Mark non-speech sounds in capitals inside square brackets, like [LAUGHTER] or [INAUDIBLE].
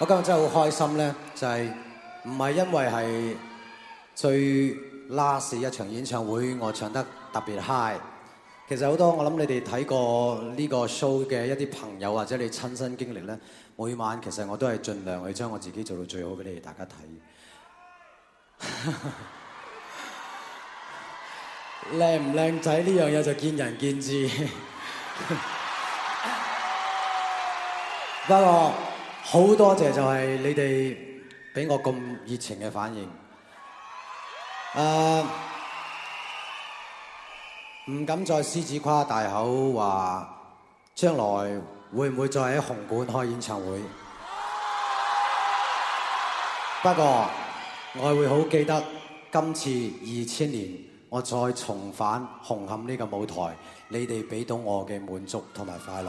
我今日真係好開心咧，就係唔係因為係最 last 一場演唱會，我唱得特別 high。其實好多我諗你哋睇過呢個 show 嘅一啲朋友或者你親身經歷咧，每晚其實我都係盡量去將我自己做到最好俾你哋大家睇。靚唔靚仔呢樣嘢就見仁見智。不 [LAUGHS] 過～好多謝就係你哋俾我咁熱情嘅反應。誒，唔敢再獅子跨大口話，將來會唔會再喺紅館開演唱會？ [MUSIC] 不過我會好記得今次二千年我再重返紅磡呢個舞台，你哋俾到我嘅滿足同埋快樂。